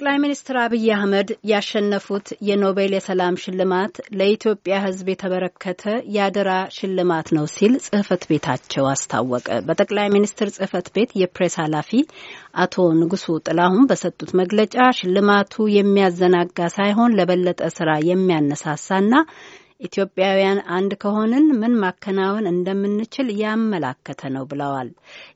ጠቅላይ ሚኒስትር አብይ አህመድ ያሸነፉት የኖቤል የሰላም ሽልማት ለኢትዮጵያ ሕዝብ የተበረከተ የአደራ ሽልማት ነው ሲል ጽህፈት ቤታቸው አስታወቀ። በጠቅላይ ሚኒስትር ጽህፈት ቤት የፕሬስ ኃላፊ አቶ ንጉሱ ጥላሁን በሰጡት መግለጫ ሽልማቱ የሚያዘናጋ ሳይሆን ለበለጠ ስራ የሚያነሳሳና ኢትዮጵያውያን አንድ ከሆንን ምን ማከናወን እንደምንችል ያመላከተ ነው ብለዋል።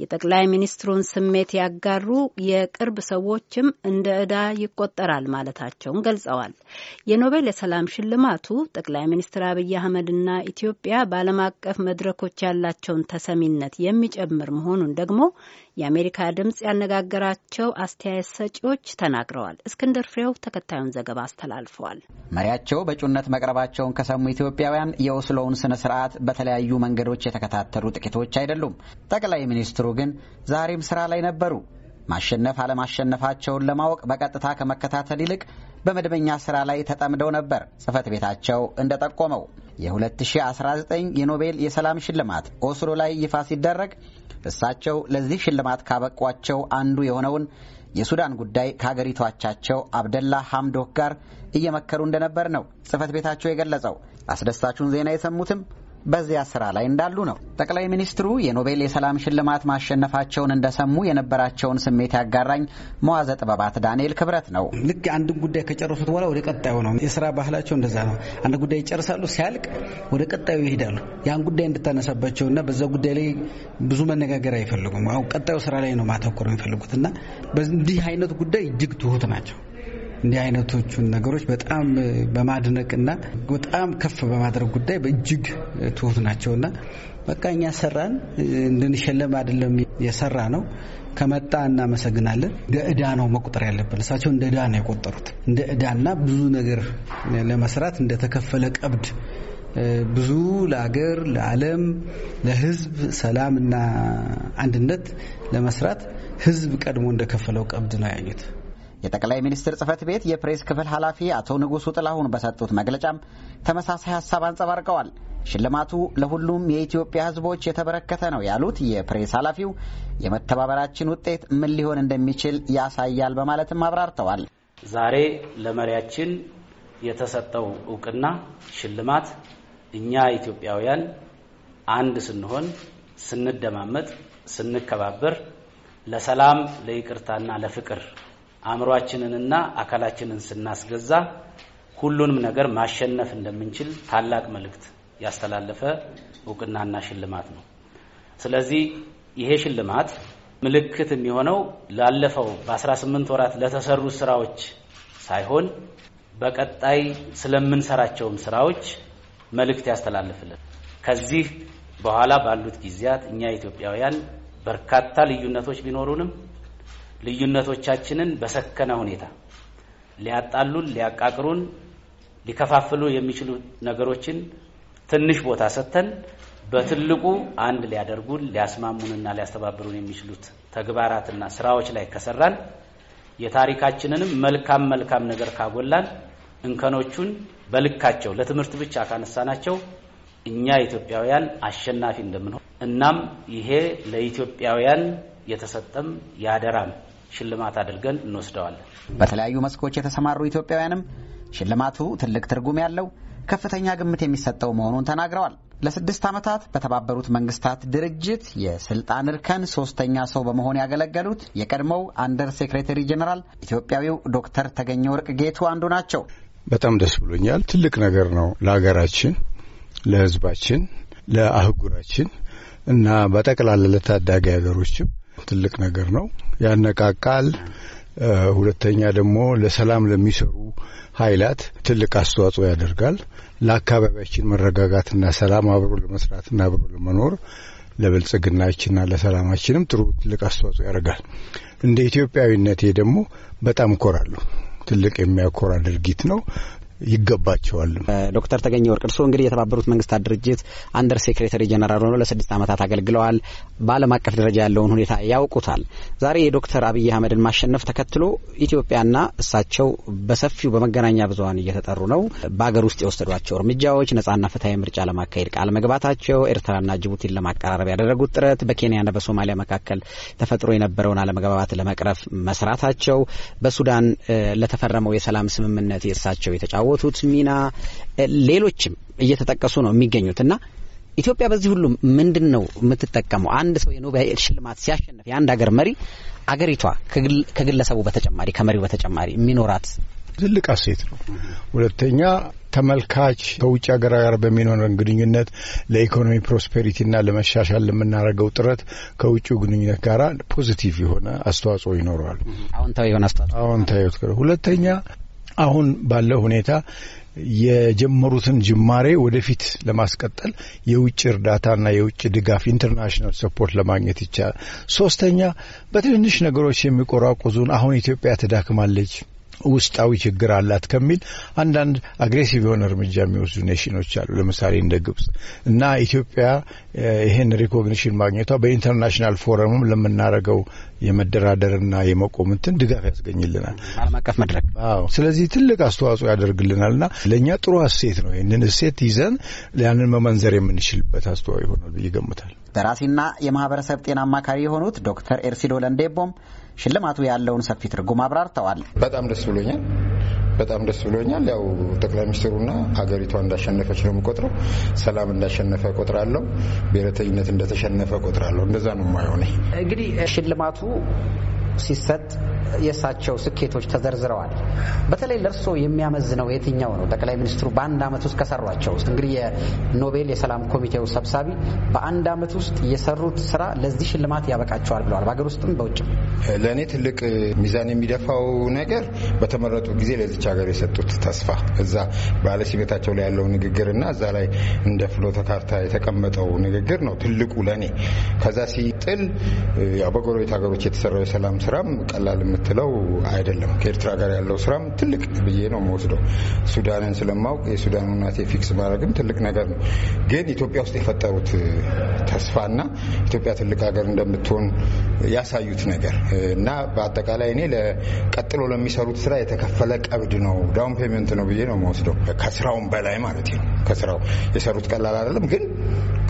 የጠቅላይ ሚኒስትሩን ስሜት ያጋሩ የቅርብ ሰዎችም እንደ ዕዳ ይቆጠራል ማለታቸውን ገልጸዋል። የኖቤል የሰላም ሽልማቱ ጠቅላይ ሚኒስትር አብይ አህመድና ኢትዮጵያ በዓለም አቀፍ መድረኮች ያላቸውን ተሰሚነት የሚጨምር መሆኑን ደግሞ የአሜሪካ ድምጽ ያነጋገራቸው አስተያየት ሰጪዎች ተናግረዋል። እስክንድር ፍሬው ተከታዩን ዘገባ አስተላልፈዋል። መሪያቸው በእጩነት መቅረባቸውን ከሰሙ ኢትዮጵያውያን የኦስሎውን ስነ ስርዓት በተለያዩ መንገዶች የተከታተሉ ጥቂቶች አይደሉም። ጠቅላይ ሚኒስትሩ ግን ዛሬም ስራ ላይ ነበሩ። ማሸነፍ አለማሸነፋቸውን ለማወቅ በቀጥታ ከመከታተል ይልቅ በመደበኛ ስራ ላይ ተጠምደው ነበር። ጽህፈት ቤታቸው እንደጠቆመው የ2019 የኖቤል የሰላም ሽልማት ኦስሎ ላይ ይፋ ሲደረግ እሳቸው ለዚህ ሽልማት ካበቋቸው አንዱ የሆነውን የሱዳን ጉዳይ ከሀገሪቱ አቻቸው አብደላ ሐምዶክ ጋር እየመከሩ እንደነበር ነው ጽህፈት ቤታቸው የገለጸው። አስደሳቹን ዜና የሰሙትም በዚያ ስራ ላይ እንዳሉ ነው። ጠቅላይ ሚኒስትሩ የኖቤል የሰላም ሽልማት ማሸነፋቸውን እንደሰሙ የነበራቸውን ስሜት ያጋራኝ መዋዘ ጥበባት ዳንኤል ክብረት ነው። ልክ አንድን ጉዳይ ከጨረሱት በኋላ ወደ ቀጣዩ ነው። የስራ ባህላቸው እንደዛ ነው። አንድ ጉዳይ ይጨርሳሉ፣ ሲያልቅ ወደ ቀጣዩ ይሄዳሉ። ያን ጉዳይ እና በዛ ጉዳይ ላይ ብዙ መነጋገር አይፈልጉም። አሁን ቀጣዩ ስራ ላይ ነው ማተኮር የሚፈልጉት እና በዚህ አይነት ጉዳይ እጅግ ትሁት ናቸው። እንዲህ አይነቶቹን ነገሮች በጣም በማድነቅና በጣም ከፍ በማድረግ ጉዳይ በእጅግ ትሁት ናቸውና በቃ እኛ ሰራን እንድንሸለም አይደለም የሰራ ነው ከመጣ እናመሰግናለን። እንደ እዳ ነው መቁጠር ያለብን። እሳቸው እንደ እዳ ነው የቆጠሩት። እንደ እዳና ብዙ ነገር ለመስራት እንደተከፈለ ቀብድ ብዙ ለአገር፣ ለዓለም፣ ለሕዝብ ሰላምና አንድነት ለመስራት ሕዝብ ቀድሞ እንደከፈለው ቀብድ ነው ያዩት። የጠቅላይ ሚኒስትር ጽህፈት ቤት የፕሬስ ክፍል ኃላፊ አቶ ንጉሱ ጥላሁን በሰጡት መግለጫም ተመሳሳይ ሀሳብ አንጸባርቀዋል። ሽልማቱ ለሁሉም የኢትዮጵያ ሕዝቦች የተበረከተ ነው ያሉት የፕሬስ ኃላፊው የመተባበራችን ውጤት ምን ሊሆን እንደሚችል ያሳያል በማለትም አብራርተዋል። ዛሬ ለመሪያችን የተሰጠው እውቅና ሽልማት እኛ ኢትዮጵያውያን አንድ ስንሆን፣ ስንደማመጥ፣ ስንከባበር ለሰላም ለይቅርታና ለፍቅር አእምሯችንንና አካላችንን ስናስገዛ ሁሉንም ነገር ማሸነፍ እንደምንችል ታላቅ መልእክት ያስተላለፈ እውቅናና ሽልማት ነው። ስለዚህ ይሄ ሽልማት ምልክት የሚሆነው ላለፈው በ18 ወራት ለተሰሩ ስራዎች ሳይሆን በቀጣይ ስለምንሰራቸውም ስራዎች መልእክት ያስተላልፍልን። ከዚህ በኋላ ባሉት ጊዜያት እኛ ኢትዮጵያውያን በርካታ ልዩነቶች ቢኖሩንም ልዩነቶቻችንን በሰከነ ሁኔታ ሊያጣሉን፣ ሊያቃቅሩን፣ ሊከፋፍሉ የሚችሉ ነገሮችን ትንሽ ቦታ ሰጥተን በትልቁ አንድ ሊያደርጉን ሊያስማሙንና ሊያስተባብሩን የሚችሉት ተግባራትና ስራዎች ላይ ከሰራን የታሪካችንንም መልካም መልካም ነገር ካጎላን እንከኖቹን በልካቸው ለትምህርት ብቻ ካነሳናቸው እኛ ኢትዮጵያውያን አሸናፊ እንደምንሆን እናም ይሄ ለኢትዮጵያውያን የተሰጠም የአደራም ሽልማት አድርገን እንወስደዋለን። በተለያዩ መስኮች የተሰማሩ ኢትዮጵያውያንም ሽልማቱ ትልቅ ትርጉም ያለው ከፍተኛ ግምት የሚሰጠው መሆኑን ተናግረዋል። ለስድስት ዓመታት በተባበሩት መንግስታት ድርጅት የስልጣን እርከን ሶስተኛ ሰው በመሆን ያገለገሉት የቀድሞው አንደር ሴክሬተሪ ጀኔራል ኢትዮጵያዊው ዶክተር ተገኘ ወርቅ ጌቱ አንዱ ናቸው። በጣም ደስ ብሎኛል። ትልቅ ነገር ነው ለሀገራችን፣ ለህዝባችን ለአህጉራችን እና በጠቅላላ ለታዳጊ ሀገሮችም ትልቅ ነገር ነው። ያነቃቃል። ሁለተኛ ደግሞ ለሰላም ለሚሰሩ ኃይላት ትልቅ አስተዋጽኦ ያደርጋል። ለአካባቢያችን መረጋጋትና ሰላም አብሮ ለመስራትና አብሮ ለመኖር ለብልጽግናችንና ለሰላማችንም ጥሩ ትልቅ አስተዋጽኦ ያደርጋል። እንደ ኢትዮጵያዊነቴ ደግሞ በጣም እኮራለሁ። ትልቅ የሚያኮራ ድርጊት ነው። ይገባቸዋል። ዶክተር ተገኘ ወርቅ እርስዎ እንግዲህ የተባበሩት መንግስታት ድርጅት አንደር ሴክሬተሪ ጀነራል ሆነው ለስድስት ዓመታት አገልግለዋል። በዓለም አቀፍ ደረጃ ያለውን ሁኔታ ያውቁታል። ዛሬ የዶክተር አብይ አህመድን ማሸነፍ ተከትሎ ኢትዮጵያና እሳቸው በሰፊው በመገናኛ ብዙሀን እየተጠሩ ነው። በሀገር ውስጥ የወሰዷቸው እርምጃዎች ነጻና ፍትሀዊ ምርጫ ለማካሄድ ቃል መግባታቸው፣ ኤርትራና ጅቡቲን ለማቀራረብ ያደረጉት ጥረት፣ በኬንያና በሶማሊያ መካከል ተፈጥሮ የነበረውን አለመግባባት ለመቅረፍ መስራታቸው፣ በሱዳን ለተፈረመው የሰላም ስምምነት የእሳቸው የተጫወ የተጫወቱት ሚና ሌሎችም እየተጠቀሱ ነው የሚገኙት እና ኢትዮጵያ በዚህ ሁሉ ምንድን ነው የምትጠቀመው? አንድ ሰው የኖቤል ሽልማት ሲያሸንፍ የአንድ ሀገር መሪ አገሪቷ ከግለሰቡ በተጨማሪ ከመሪው በተጨማሪ የሚኖራት ትልቅ አሴት ነው። ሁለተኛ ተመልካች ከውጭ ሀገር ጋር በሚኖረን ግንኙነት ለኢኮኖሚ ፕሮስፔሪቲና ለመሻሻል ለምናደርገው ጥረት ከውጭ ግንኙነት ጋር ፖዚቲቭ የሆነ አስተዋጽኦ ይኖረዋል። አዎንታዊ የሆነ አስተዋጽኦ። ሁለተኛ አሁን ባለው ሁኔታ የጀመሩትን ጅማሬ ወደፊት ለማስቀጠል የውጭ እርዳታና የውጭ ድጋፍ ኢንተርናሽናል ሰፖርት ለማግኘት ይቻላል። ሶስተኛ፣ በትንንሽ ነገሮች የሚቆራቁዙን አሁን ኢትዮጵያ ትዳክማለች ውስጣዊ ችግር አላት ከሚል አንዳንድ አግሬሲቭ የሆነ እርምጃ የሚወስዱ ኔሽኖች አሉ። ለምሳሌ እንደ ግብጽ እና ኢትዮጵያ ይህን ሪኮግኒሽን ማግኘቷ በኢንተርናሽናል ፎረምም ለምናደርገው የመደራደርና የመቆምትን ድጋፍ ያስገኝልናል። ዓለም አቀፍ መድረክ። ስለዚህ ትልቅ አስተዋጽኦ ያደርግልናልና ለእኛ ጥሩ እሴት ነው። ይህንን እሴት ይዘን ያንን መመንዘር የምንችልበት አስተዋጽኦ ይሆናል ብዬ ደራሲና የማህበረሰብ ጤና አማካሪ የሆኑት ዶክተር ኤርሲዶ ለንዴቦም ሽልማቱ ያለውን ሰፊ ትርጉም አብራርተዋል። በጣም ደስ ብሎኛል። በጣም ደስ ብሎኛል። ያው ጠቅላይ ሚኒስትሩና ሀገሪቷ እንዳሸነፈች ነው የምቆጥረው። ሰላም እንዳሸነፈ ቆጥራለሁ። ብሔረተኝነት እንደተሸነፈ ቆጥራለሁ። እንደዛ ነው የማየው። እንግዲህ ሽልማቱ ሲሰጥ የእሳቸው ስኬቶች ተዘርዝረዋል። በተለይ ለእርስዎ የሚያመዝነው የትኛው ነው? ጠቅላይ ሚኒስትሩ በአንድ ዓመት ውስጥ ከሰሯቸው እንግዲህ የኖቤል የሰላም ኮሚቴው ሰብሳቢ በአንድ ዓመት ውስጥ የሰሩት ስራ ለዚህ ሽልማት ያበቃቸዋል ብለዋል። በሀገር ውስጥም በውጭም ለእኔ ትልቅ ሚዛን የሚደፋው ነገር በተመረጡ ጊዜ ለዚች ሀገር የሰጡት ተስፋ እዛ ባለሲመታቸው ላይ ያለው ንግግር እና እዛ ላይ እንደ ፍኖተ ካርታ የተቀመጠው ንግግር ነው ትልቁ ለእኔ። ከዛ ሲጥል በጎረቤት ሀገሮች የተሰራው የሰላም ስራም ቀላል የምትለው አይደለም። ከኤርትራ ጋር ያለው ስራም ትልቅ ብዬ ነው መወስደው። ሱዳንን ስለማውቅ የሱዳን እናቴ ፊክስ ማድረግም ትልቅ ነገር ነው። ግን ኢትዮጵያ ውስጥ የፈጠሩት ተስፋና ኢትዮጵያ ትልቅ ሀገር እንደምትሆን ያሳዩት ነገር እና በአጠቃላይ እኔ ቀጥሎ ለሚሰሩት ስራ የተከፈለ ቀብድ ነው፣ ዳውን ፔመንት ነው ብዬ ነው መወስደው። ከስራውም በላይ ማለት ነው። ከስራው የሰሩት ቀላል አይደለም ግን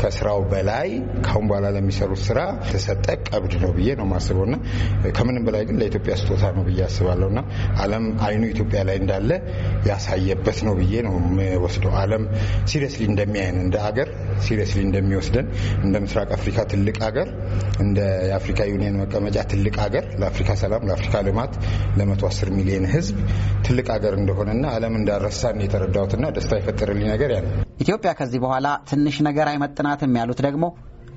ከስራው በላይ ካሁን በኋላ ለሚሰሩት ስራ የተሰጠ ቀብድ ነው ብዬ ነው ማስበው እና ከምንም በላይ ግን ለኢትዮጵያ ስጦታ ነው ብዬ አስባለሁ እና አለም አይኑ ኢትዮጵያ ላይ እንዳለ ያሳየበት ነው ብዬ ነው ወስደው አለም ሲሪየስሊ እንደሚያይን እንደ አገር ሲሪየስሊ እንደሚወስደን እንደ ምስራቅ አፍሪካ ትልቅ አገር እንደ የአፍሪካ ዩኒየን መቀመጫ ትልቅ አገር ለአፍሪካ ሰላም፣ ለአፍሪካ ልማት ለ አስር ሚሊዮን ህዝብ ትልቅ ሀገር እንደሆነና ዓለም እንዳረሳን የተረዳሁትና ደስታ የፈጠረልኝ ነገር ያ ነው። ኢትዮጵያ ከዚህ በኋላ ትንሽ ነገር አይመጥናትም ያሉት ደግሞ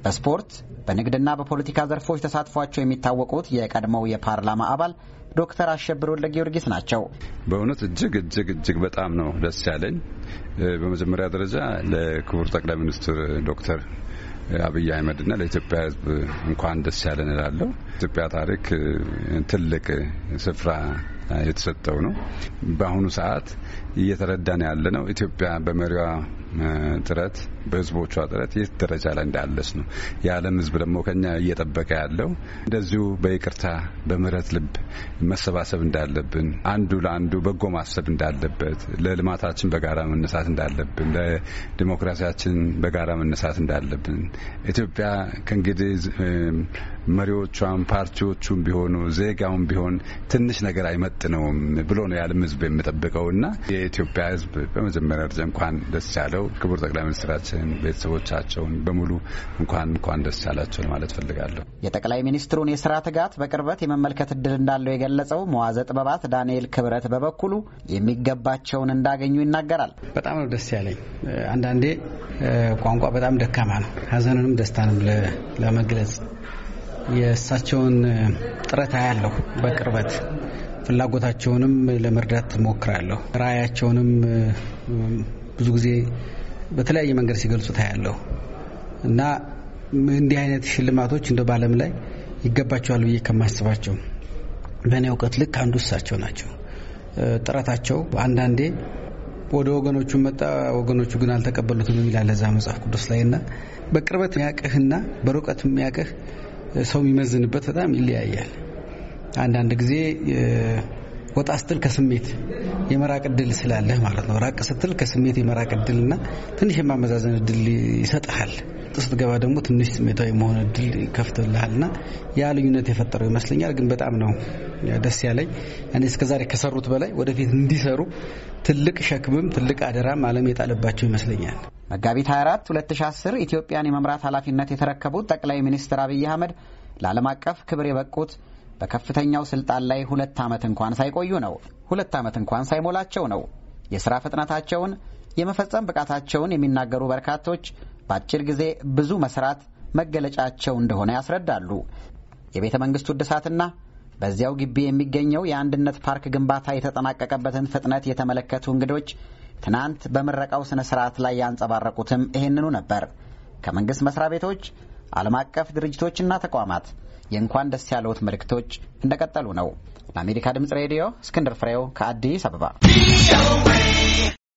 በስፖርት በንግድና በፖለቲካ ዘርፎች ተሳትፏቸው የሚታወቁት የቀድሞው የፓርላማ አባል ዶክተር አሸብር ወልደ ጊዮርጊስ ናቸው። በእውነት እጅግ እጅግ እጅግ በጣም ነው ደስ ያለኝ። በመጀመሪያ ደረጃ ለክቡር ጠቅላይ ሚኒስትር ዶክተር አብይ አህመድና ለኢትዮጵያ ሕዝብ እንኳን ደስ ያለን እላለሁ። ኢትዮጵያ ታሪክ ትልቅ ስፍራ የተሰጠው ነው። በአሁኑ ሰዓት እየተረዳን ያለ ነው ኢትዮጵያ በመሪዋ ጥረት በህዝቦቿ ጥረት የት ደረጃ ላይ እንዳለች ነው። የዓለም ህዝብ ደግሞ ከኛ እየጠበቀ ያለው እንደዚሁ በይቅርታ በምህረት ልብ መሰባሰብ እንዳለብን፣ አንዱ ለአንዱ በጎ ማሰብ እንዳለበት፣ ለልማታችን በጋራ መነሳት እንዳለብን፣ ለዲሞክራሲያችን በጋራ መነሳት እንዳለብን ኢትዮጵያ ከእንግዲህ መሪዎቿም ፓርቲዎቹም ቢሆኑ ዜጋውም ቢሆን ትንሽ ነገር አይመጥነውም ብሎ ነው የዓለም ሕዝብ የሚጠብቀውና የኢትዮጵያ ሕዝብ በመጀመሪያ ደረጃ እንኳን ደስ ያለው ክቡር ጠቅላይ ሚኒስትራችን ቤተሰቦቻቸውን በሙሉ እንኳን እንኳን ደስ ያላቸው ለማለት ፈልጋለሁ። የጠቅላይ ሚኒስትሩን የስራ ትጋት በቅርበት የመመልከት እድል እንዳለው የገለጸው መዋዘ ጥበባት ዳንኤል ክብረት በበኩሉ የሚገባቸውን እንዳገኙ ይናገራል። በጣም ነው ደስ ያለኝ። አንዳንዴ ቋንቋ በጣም ደካማ ነው። ሀዘንንም ደስታንም ለመግለጽ የእሳቸውን ጥረት አያለሁ በቅርበት ፍላጎታቸውንም ለመርዳት ሞክራለሁ። ራዕያቸውንም ብዙ ጊዜ በተለያየ መንገድ ሲገልጹ ታያለሁ እና እንዲህ አይነት ሽልማቶች እንደ በዓለም ላይ ይገባቸዋል ብዬ ከማስባቸው በእኔ እውቀት ልክ አንዱ እሳቸው ናቸው። ጥረታቸው አንዳንዴ ወደ ወገኖቹ መጣ፣ ወገኖቹ ግን አልተቀበሉትም ይላል እዛ መጽሐፍ ቅዱስ ላይ እና በቅርበት የሚያቅህና በሩቀት የሚያቅህ ሰው የሚመዝንበት በጣም ይለያያል። አንዳንድ ጊዜ ወጣ ስትል ከስሜት የመራቅ እድል ስላለህ ማለት ነው። ራቅ ስትል ከስሜት የመራቅ እድልና ትንሽ የማመዛዘን እድል ይሰጥሃል። ስትገባ ደግሞ ትንሽ ስሜታዊ መሆን እድል ይከፍትልሃልና ያ ልዩነት የፈጠረው ይመስለኛል። ግን በጣም ነው ደስ ያለኝ እኔ እስከዛሬ ከሰሩት በላይ ወደፊት እንዲሰሩ ትልቅ ሸክምም ትልቅ አደራም ዓለም የጣለባቸው ይመስለኛል። መጋቢት 24 2010 ኢትዮጵያን የመምራት ኃላፊነት የተረከቡት ጠቅላይ ሚኒስትር አብይ አህመድ ለዓለም አቀፍ ክብር የበቁት በከፍተኛው ስልጣን ላይ ሁለት ዓመት እንኳን ሳይቆዩ ነው። ሁለት ዓመት እንኳን ሳይሞላቸው ነው። የሥራ ፍጥነታቸውን የመፈጸም ብቃታቸውን የሚናገሩ በርካቶች በአጭር ጊዜ ብዙ መስራት መገለጫቸው እንደሆነ ያስረዳሉ። የቤተ መንግሥቱ እድሳትና በዚያው ግቢ የሚገኘው የአንድነት ፓርክ ግንባታ የተጠናቀቀበትን ፍጥነት የተመለከቱ እንግዶች ትናንት በምረቃው ስነ ስርዓት ላይ ያንጸባረቁትም ይህንኑ ነበር። ከመንግሥት መስሪያ ቤቶች፣ ዓለም አቀፍ ድርጅቶችና ተቋማት የእንኳን ደስ ያለዎት መልእክቶች እንደቀጠሉ ነው። ለአሜሪካ ድምፅ ሬዲዮ እስክንድር ፍሬው ከአዲስ አበባ